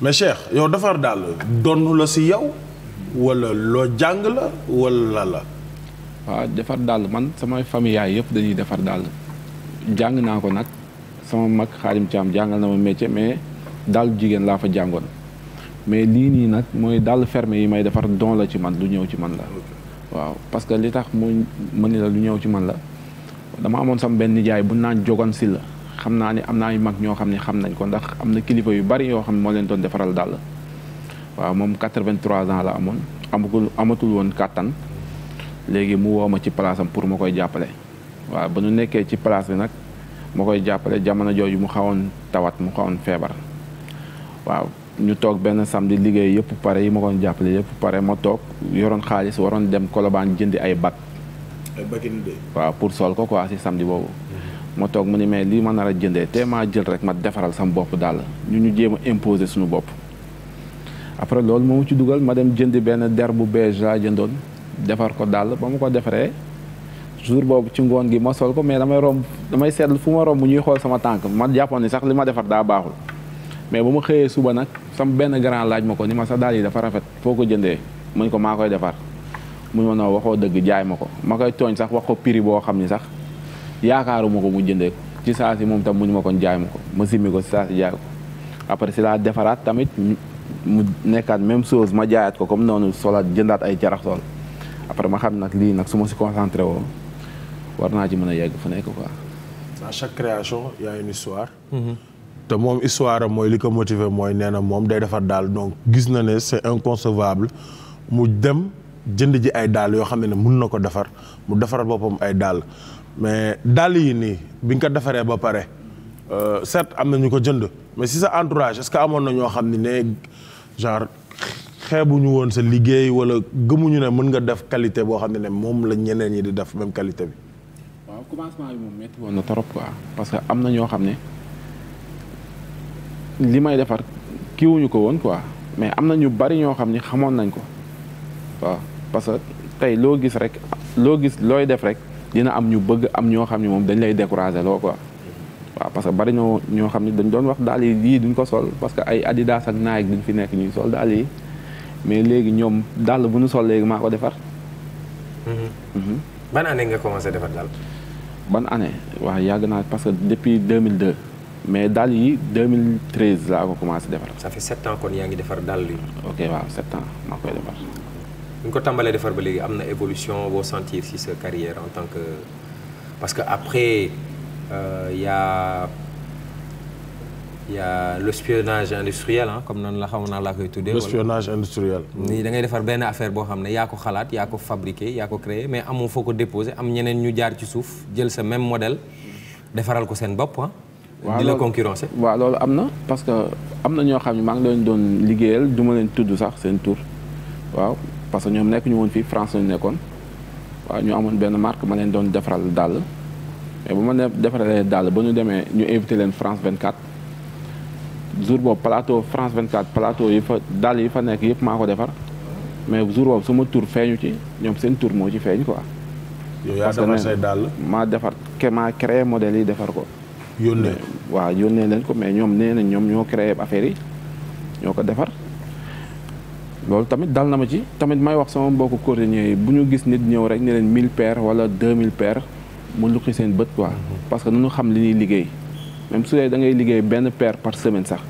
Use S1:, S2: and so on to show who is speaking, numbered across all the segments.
S1: mais Cheikh yow defar daal donn la si yow walla loo jàng la
S2: wala la. waaw defar daal man samay famille yaay yëpp dañuy defar daal jàng naa ko nag sama mag xaarim Thiam jàngal na ma métier mais daal jigéen laa fa jàngoon mais lii nii nag mooy daal ferme yi may defar don la ci man lu ñëw ci man la. waaw parce que li tax mu ma ni la lu ñëw ci man la dama amoon sama benn nijaay bu naan jogoon si la. xam naa ni am naa ñu mag ñoo xam ne xam nañ ko ndax am na kilifa yu bari yoo xam ne moo leen doon defaral dàll waaw moom 83 ans la amoon amagul amatul woon kàttan léegi mu woo ma ci place pour ma koy jàppale waaw ba nu nekkee ci place bi nag ma koy jàppale jamono jooju mu xawoon tawat mu xawoon feebar waaw ñu toog benn samedi liggéey yëpp pare yi ma koon jàppale yëpp pare ma toog yoroon xaalis waroon dem kolobaan jëndi ay bag waaw pour sol ko quoi si samedi ma toog mu ni mais lii ma nar a jëndee te maa jël rek ma defaral sama bopp daal ñu ñu jéem a imposer suñu bopp. après loolu moomu ci dugal ma dem jëndi benn der bu beige laa jëndoon defar ko daal ba ma ko defaree jour boobu ci ngoon gi ma sol ko mais damay romb damay seetlu fu ma romb ñuy xool sama tànk ma jàppoon ni sax li ma defar daa baaxul mais bu ma xëyee suba nag sam benn grand laaj ma ko ni ma sax daal yi dafa rafet foo ko jëndee mu ne ko maa koy defar mu ne ma waxoo dëgg jaay ma ko ma sax wax ko boo xam ni sax yaakaaruma ko mu jëndee ko ci saa si moom tam mu ñu ma ko jaay ma ko ma simmi ko si saa si jaay ko après si laa defaraat tamit mu nekkaat même chose ma jaayaat ko comme noonu solaat jëndaat ay carax sol après ma xam nag lii nag su ma si concentré woo war naa ci mën a yegg fu nekk ko à
S1: chaque création y a une histoire. Mhm. te moom histoire am mooy li ko motivé mooy nee na moom day defar daal donc gis na ne c'est inconcevable mu dem jënd ji ay daal yoo xam ne ne mun na ko defar mu defaral boppam ay daal. mais dàll yi nii bi nga ko defaree ba pare euh, certes am na ñu ko jënd mais si sa entourage est que amoon na ñoo xam ne ne genre xeebuñu woon sa liggéey wala gëmuñu ne mën nga def qualité boo xam ne ne moom la ñeneen ñi di def même qualité bi.
S2: waaw commencement bi na trop quoi parce que am na ñoo xam ne li may defar kiwuñu ko woon quoi mais am na ñu bari ñoo xam ne xamoon nañ ko waaw parce que tey loo gis rek loo gis looy def rek. dina am ñu bëgg am ñoo xam ne moom dañ lay décourager loo ko waaw parce que bari ñoo ñoo xam ne dañ doon wax daal yi lii duñ ko sol parce que ay Adidas ak Nike duñ fi nekk ñuy sol daal yi mais léegi ñoom dàll bu ñu sol léegi maa ko defar. Mm-hmm. Mm-hmm.
S3: ban année nga commencé defar daal.
S2: ban année waaw yàgg naa parce que depuis 2002 mais dàll yi 2013 laa ko commencé defar. ça fait sept
S3: ans kon yaa ngi defar dàll yi. ok waaw
S2: sept ans maa koy defar.
S3: bu ñu ko tàmbalee defar ba léegi am na évolution boo sentir ci sa carrière en tant que parce que après euh, y a y a l'espionnage industriel comme noonu la xaw naa laa koy tuddee. l'espionnage
S1: industriel. nii
S3: da ngay defar benn affaire boo xam ne yaa ko xalaat yaa ko fabriqué yaa ko créé mais amoo foo ko déposé am ñeneen ñu jaar ci suuf jël sa même modèle defaral ko seen bopp ah.
S2: di la concurrencé waaw loolu am na parce que am na ñoo xam ne maa ngi leen doon liggéeyal du ma leen tudd sax seen tour waaw. parce que ñoom nekk ñu woon fii France lañu nekkoon waaw ñu amoon benn marque ma leen doon defaral dàll mais bu ma ne defaralee dàll ba ñu demee ñu invité leen France 24 jour boobu plateau France vingt 24 plateau yi fa dàll yi fa nekk yëpp maa ko defar mais jour boobu sama tur feeñu ci ñoom seen tur moo ci feeñ ko
S1: yow yaa defar say dàll
S2: maa defar maa créé modèle yi defar ko. yónnee waaw yónnee leen ko mais ñoom nee nañ ñoom ñoo créé affaire yi ñoo ko defar. loolu tamit dal na ma ci tamit may wax sama mbokku cordonnier yi bu ñu gis nit ñëw rek ne leen 1000 paires wala 2000 paires mu luqi seen bët quoi. Mm-hmm. parce que nu ñu xam li ñuy liggéey même su dee da liggéey benn paire par semaine sax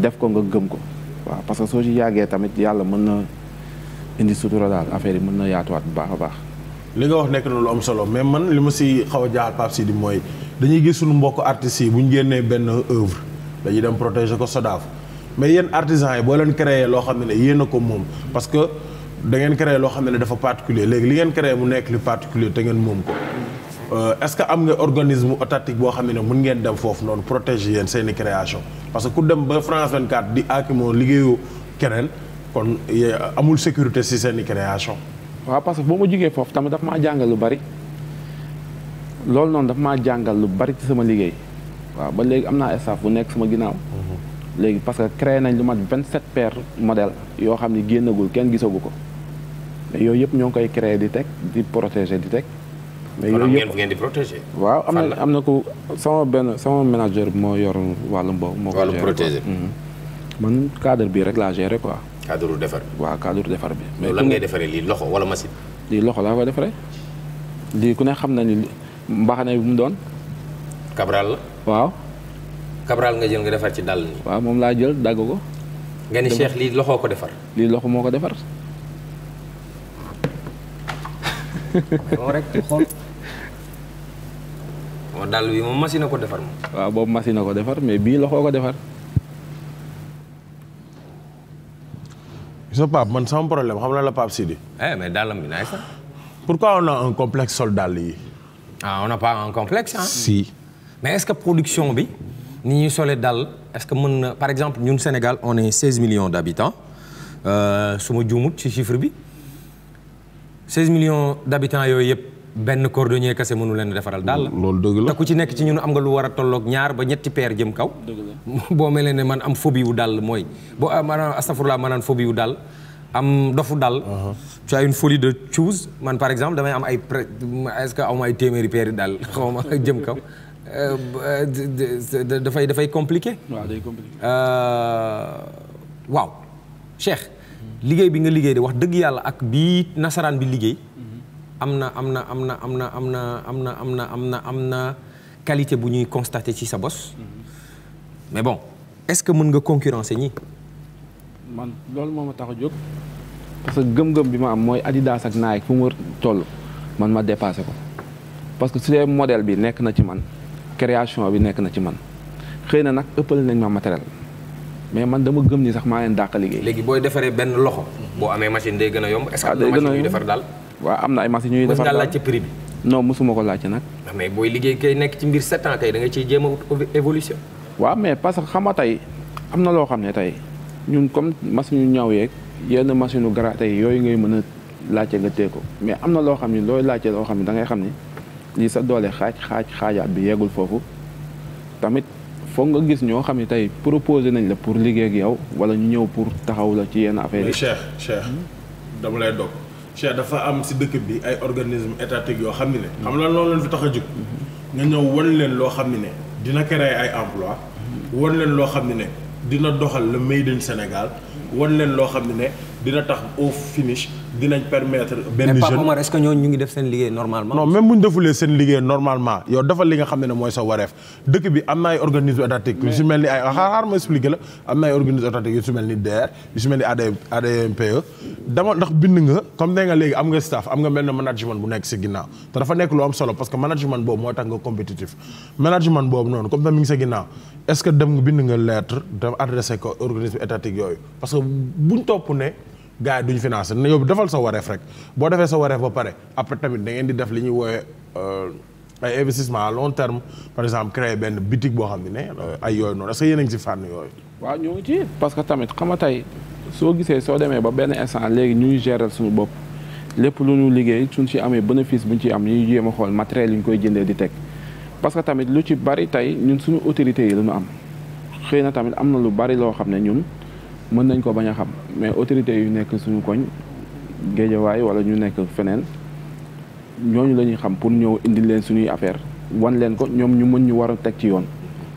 S2: def ko nga gëm ko waaw parce que soo ci yàggee tamit yàlla mën na indi sutura daal affaire yi mën na yaatuwaat bu baax a baax.
S1: li nga wax nekk na lu am solo mais man li ma si xaw a jaaxal Pape Sidi mooy dañuy gis suñu mbokk artistes yi bu ñu génnee benn œuvre dañuy dem protéger ko SODAV. mais yéen artisan yi boo leen créer loo xam ne yéen na ko moom parce que da ngeen créer loo xam ne dafa particulier léegi li ngeen créer mu nekk li particulier te ngeen moom ko euh, est-ce que am nga organisme étatique boo xam ne mën ngeen dem foofu noonu protéger yéen seen création parce que ku dem ba France 24 di aakimoo
S2: liggéeyu keneen kon amul sécurité si seen i création waaw parce que boo ma jógee foofu tam daf maa jàngal lu bari loolu noonu daf maa jàngal lu bari ci sama liggéey waaw ba léegi am naa staff bu nekk sama ginnaaw mhm. léegi parce que créé nañ lu mat vingt sept paires modèle yoo xam ne génnagul kenn gisagu ko mais yooyu yëpp ñoo ngi koy créé di teg di protéger di teg. mais yooyu yëpp ngeen di protéger. waaw am na am na ku sama benn sama manager moo yor wàllum boobu. moo ko wàllum mhm. man cadre bi rek la gérer quoi. cadre defar bi. waaw cadre defar bi. mais lan ngay defaree lii loxo wala machine. lii loxo laa koy defaree lii ku ne xam na ni mbaxane bi mu doon. Cabral la waaw.
S3: Cabral nga jël nga defar ci dàll.
S2: waaw moom laa jël dagg ko.
S3: nga ni Cheikh lii loxoo ko defar.
S2: lii loxo moo ko defar. moom rek
S3: dàll bi moom machine ko defar moom.
S2: waaw boobu machine ko defar mais bii loxoo ko defar.
S1: sa Pape man sama problème xam na la Pape Sidi.
S3: eh mais dàllam bi naay sax.
S1: pourquoi on a un complexe sol dàll yi. ah on n'a pas un complexe
S3: si. mais est-ce que production bi. ni ñuy solee dal est-ce que mën na par exemple ñun Sénégal on est 16 millions d'habitants euh, su ma juumut ci chiffre bi 16 millions d'habitants yooyu yëpp benn cordonnier kese mënu leen defaral daal la. loolu dëgg te ku ci nekk ci ñunu am nga lu war a tolloog ñaar ba ñetti peer jëm kaw. boo mel ne man am phobie wu dal mooy boo ah, maanaam astafurlah maanaam phobie wu dal am dofu dal. Uh-huh. tu as une folie de choose man par exemple damay am ay est-ce que aw ma ay téeméeri paire daal xaw ma jëm kaw. Euh, euh, dafay dafay compliqué. waaw day euh, waaw Cheikh. liggéey bi nga liggéey de wax dëgg yàlla ak bii nasaraan bi liggéey. Mhm. am na am na am na am na am na am na am na am na am na qualité bu ñuy constater ci sa bos. Mhm. mais bon est-ce que mën nga concurrencer ñi
S2: man loolu moom ma tax a jóg parce que gëm-gëm bi ma am mooy Adidas ak Nike fu mu toll man ma dépassé ko parce que su dee modèle bi nekk na ci man. création bi nekk na ci man xëy na nag ëppal nañ ma matériel mais man dama gëm ni sax maa leen dàq liggéey.
S3: léegi booy defaree benn loxo. boo amee machine day gën a yomb. est-ce que ah, defar daal.
S2: waaw am na ay machine yu defar daal laaj ci prix bi. non ko laajte nag.
S3: Ah, mais booy liggéey kay nekk ci mbir sept ans kay da nga ciy jéem a évolution.
S2: que xam nga tey am na loo xam ne tey ñun comme machine yu ñaw yeeg yenn machine yu garaate yi yooyu ngay mën a laajte nga tee ko mais am na loo xam ne looy laajte loo xam ne dangay xam ni li sa doole xaaj xaaj xaajaat bi yeggul foofu tamit foog nga gis ñoo xam ne tey proposé nañ la pour liggéey ak yow wala ñu ñëw pour taxaw la ci yenn affaire yi. Cheikh
S1: Cheikh dama lay dog Cheikh dafa am si dëkk bi ay organisme étatique yoo xam ne ne. xam lan loolu leen fi tax a jóg. nga ñëw wan leen loo xam ne ne dina créer ay emploi wan leen loo xam ne ne dina doxal la made in Sénégal wan leen loo xam ne ne. dina tax au finish dinañ permettre. benn jeune mais Pape est-ce ñu ngi def seen liggéey normalement. non même bu ñu defulee seen liggéey normalement yow defal li nga xam ne mooy sa wareef dëkk bi am na ay organisme ah, ah, ah, yu si mel ni ay xaar xaar ma yu si mel ni mel ni AD ADMPE dama ndax bind nga comme nee nga léegi am nga staff am nga mel ne management bu nekk si ginnaaw te dafa nekk lu am solo parce que management boobu mooy tax nga compétitif management boobu noonu comme tamit mi ngi sa ginnaaw est que dem nga bind nga gars yi duñ financé na yow defal sa wareef rek boo defee sa wareef ba pare après tamit da ngeen di def li ñuy woowee euh, ay investissement à long terme par exemple créer
S2: benn boutique boo xam ne ne euh, ay yooyu ngi si fànn yooyu. waaw ñoo ngi parce que tamit xam nga tey soo gisee soo demee ba benn instant léegi ñuy gérer suñu bopp lépp lu ñu liggéey suñ ci amee bénéfice bu ñu ci am ñu jéem a xool matériel yi ñu koy jëndee di teg. parce que tamit lu ci bari tey ñun suñu autorité yi la ñu am xëy na tamit am na lu bari loo xam ne ñun. mën nañ ko bañ a xam mais autorités yu nekk suñu koñ géejawaay wala ñu nekk feneen ñooñu lañuy xam pour ñëw indi leen suñuy affaire wan leen ko ñoom ñu mën ñu war a teg ci yoon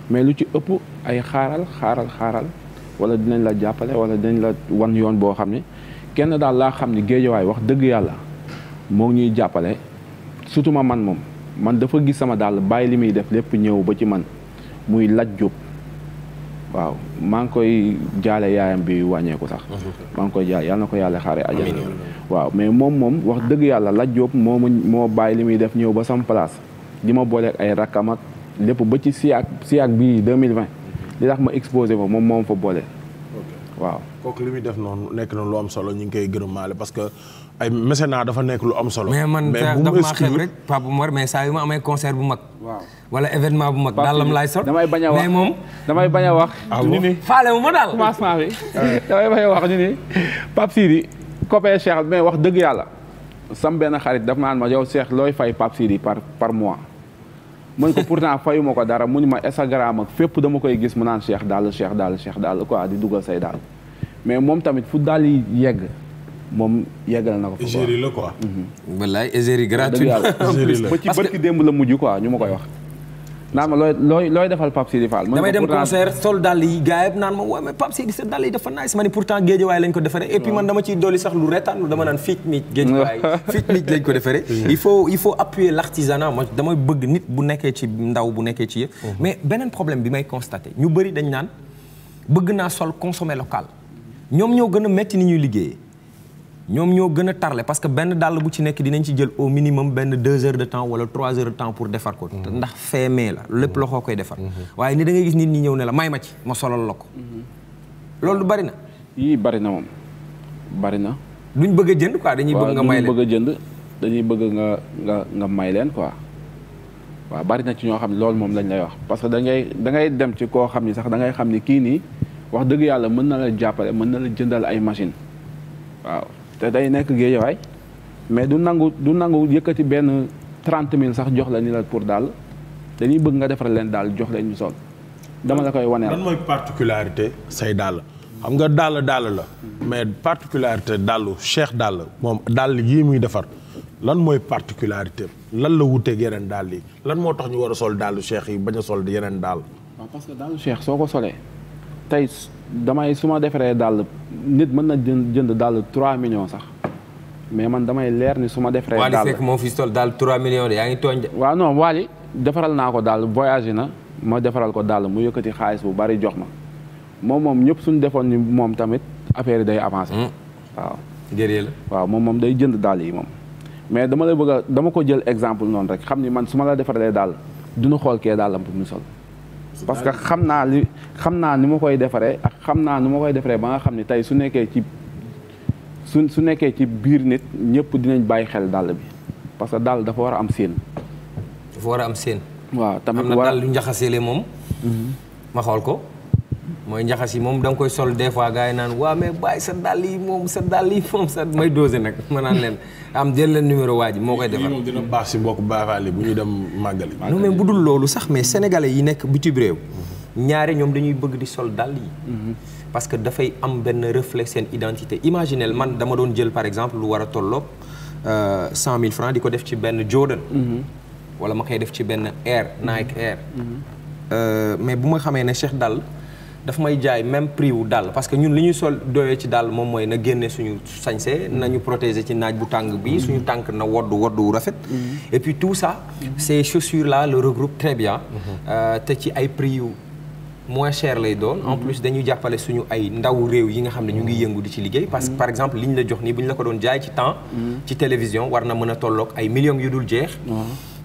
S2: mais lu ci ëpp ay xaaral xaaral xaaral wala dinañ la jàppale wala dinañ la wan yoon boo xam ne kenn daal laa xam ni géejawaay wax dëgg yàlla moo ñuy jàppale surtout ma man moom man dafa gis sama dàll bàyyi li muy def lépp ñëw ba ci man muy laj jóob waaw maa ngi koy jaale yaayam bi wàññeeku sax mhm. maa ngi koy jaale yal na ko yàlla xaare ajana waaw mais moom moom wax dëgg yàlla Lat Diop moo ma moo bàyyi li muy def ñëw ba sama place di ma booleeg ay rakkam ak lépp ba ci siyaak siyaak bii 2020 li tax ma exposé ma moom moom fa boole waaw
S1: kooku li muy def noonu nekk na lu am solo ñu ngi koy gërëmaale parce que ay mécénat dafa nekk lu am solo. mais man dafa maa xel rek
S3: Pape Mor mais saa yu ma amee concert bu mag. waaw wala
S1: événement bu mag.
S3: dàllam lay sol
S2: damay bañ a wax mais moom. damay bañ a wax. ñu ah ni faale wu ma daal commencement a wax ñu ni Pape Sidi. copain Cheikh mais wax dëgg yàlla. sam benn xarit daf naan ma yow Cheikh looy fay Pape yi par par mois. mën ko pourtant fayuma ko dara mu ni ma Instagram ak fépp dama koy gis mu naan Cheikh daal Cheikh daal Cheikh daal quoi di dugal say daal. mais moom tamit fu daal yi yegg. moom yàggal na ko. égérie la quoi. Mhm. wallaay égérie ci bët ki la mujj quoi ñu ma koy wax. naan ma looy looy looy defal Pape Sidi Fall. damay dem concert
S3: sol dàll yi gars naan ma waaw mais Pape Sidi sa dàll yi dafa nice ma ni pourtant géejewaay lañ ko defaree. et puis man dama ciy dolli sax lu retaan lu dama naan fii nii géejewaay fii nii lañ ko defaree. il faut il faut appuyer l' bëgg nit bu nekkee ci ndaw bu nekkee ci yëpp. Mhm. mais beneen problème bi may constaté ñu bëri dañ naan bëgg naa sol consommer local ñoom ñoo gën a métti ni ñuy liggéeyee ñoom ñoo gën a tarle parce que benn dàll bu ci nekk dinañ ci jël au minimum benn deux heures de temps wala trois heures de temps pour defar ko mhm. ndax feemee la lépp mhm. loxoo koy defar mhm. waaye ni da gis nit ñi ñëw ne la may ma ci ma solal la ko loolu du bari na
S2: yii bari na moom bari na
S3: duñ bëgg a jënd quoi dañuy bëgg nga may leen bëgg a
S2: jënd dañuy bëgg nga nga nga may leen quoi waaw bari na ci ñoo xam ne loolu moom lañ lay wax parce que da ngay da ngay dem ci koo xam ni sax dangay xam ni kii nii wax dëgg yàlla mën na la jàppale mën na la jëndal ay machine waaw te day nekk géejawaay mais du nangu du nangu yëkkati benn trente mille sax jox la ni la pour daal dañuy bëgg nga defar leen daal jox leen ñu sol dama la koy waneel lan mooy
S1: particularité say dàll xam nga dàll dàll la mais particularité dàllu Cheikh dàll moom dàll yii muy defar lan mooy particularité lan la wuteeg yeneen daal yi lan moo tax ñu war a sol dàllu Cheikh yi bañ a sol
S2: yeneen daal waaw parce que dàllu Cheikh soo ko solee tey damay su ma defaree dàll nit mën na jënd jënd dàll 3 millions sax mais man damay leer ni su ma defaree. dàll Waly Seck
S3: moo fi sol dàll 3 millions de yaa ngi tooñ.
S2: waaw non defaral naa ko dàll voyagé na ma defaral ko dàll mu yëkkati xaalis bu bari jox ma moom moom ñëpp suñu defoon ni moom tamit affaire yi day avancé. Hmm. waaw gëree la. waaw moom moom day jënd dàll yi moom. mais dama la bëgg a dama ko jël exemple noonu rek xam ni man su ma la defaree dàll dina xool kee dàllam pour mu sol. parce que xam naa li xam naa ni ma koy defaree ak xam naa ni ma koy defaree ba nga xam ni tey su nekkee ci su su nekkee ci biir nit ñëpp dinañ bàyyi xel dàll bi parce que dàll dafa war a am seen.
S3: dafa war a am seen.
S2: waaw tamit war am na dàll yu njaxaseele moom. Mhm.
S3: ma xool ko. mooy njaxas yi moom da nga koy sol des fois gars yi naan waa mais bàyyi sa dàll yi moom sa dàll yi moom sa may dosé nag ma naan leen am jël leen numéro waa ji moo koy defar moom dina baax si mbokk baafaale bu ñu dem màggali non mais bu dul loolu sax mais sénégalais yi nekk bitim réew ñaari ñoom dañuy bëgg di sol dàll yi mhm. parce que dafay am benn reflet identité imaginel man dama doon jël par exemple lu war a tolloog euh, cent mille francs di ko def ci benn Jordan mhm. wala ma koy def ci benn Air Nike Air mhm. euh, mais bu ma xamee ne Cheikh Dall daf may jaay même prix wu dàll parce que ñun li ñu sol doyee ci daal moom mooy na génne suñu sañsee nañu protéger ci naaj bu tàng bi suñu tànk na wodd wodd wu rafet et puis tout ça ces chaussures là le regroupent très bien euh, te ci ay prix yu moins cher lay doon en plus dañuy jàppale suñu ay ndaw réew yi nga xam ne ñu ngi yëngu di ci liggéey parce que par exemple li ñu la jox nii bu ñu la ko doon jaay ci temps ci télévision war na mën a tollook ay millions yu dul jeex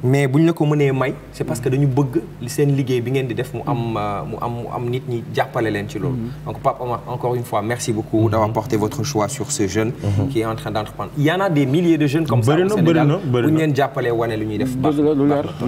S3: mais bu ñu la ko mënee may c'est parce que dañu bëgg seen liggéey bi ngeen di def mu am mm. euh, mu am mu am nit ñi jàppale leen ci loolu mm. donc Pape Omar encore une fois merci beaucoup mm-hmm. d'avoir porté votre choix sur ce jeune mm-hmm. qui est en train d'entreprendre il y des milliers de jeunes comme ça au Sénégal bu ñu leen jàppalee wane lu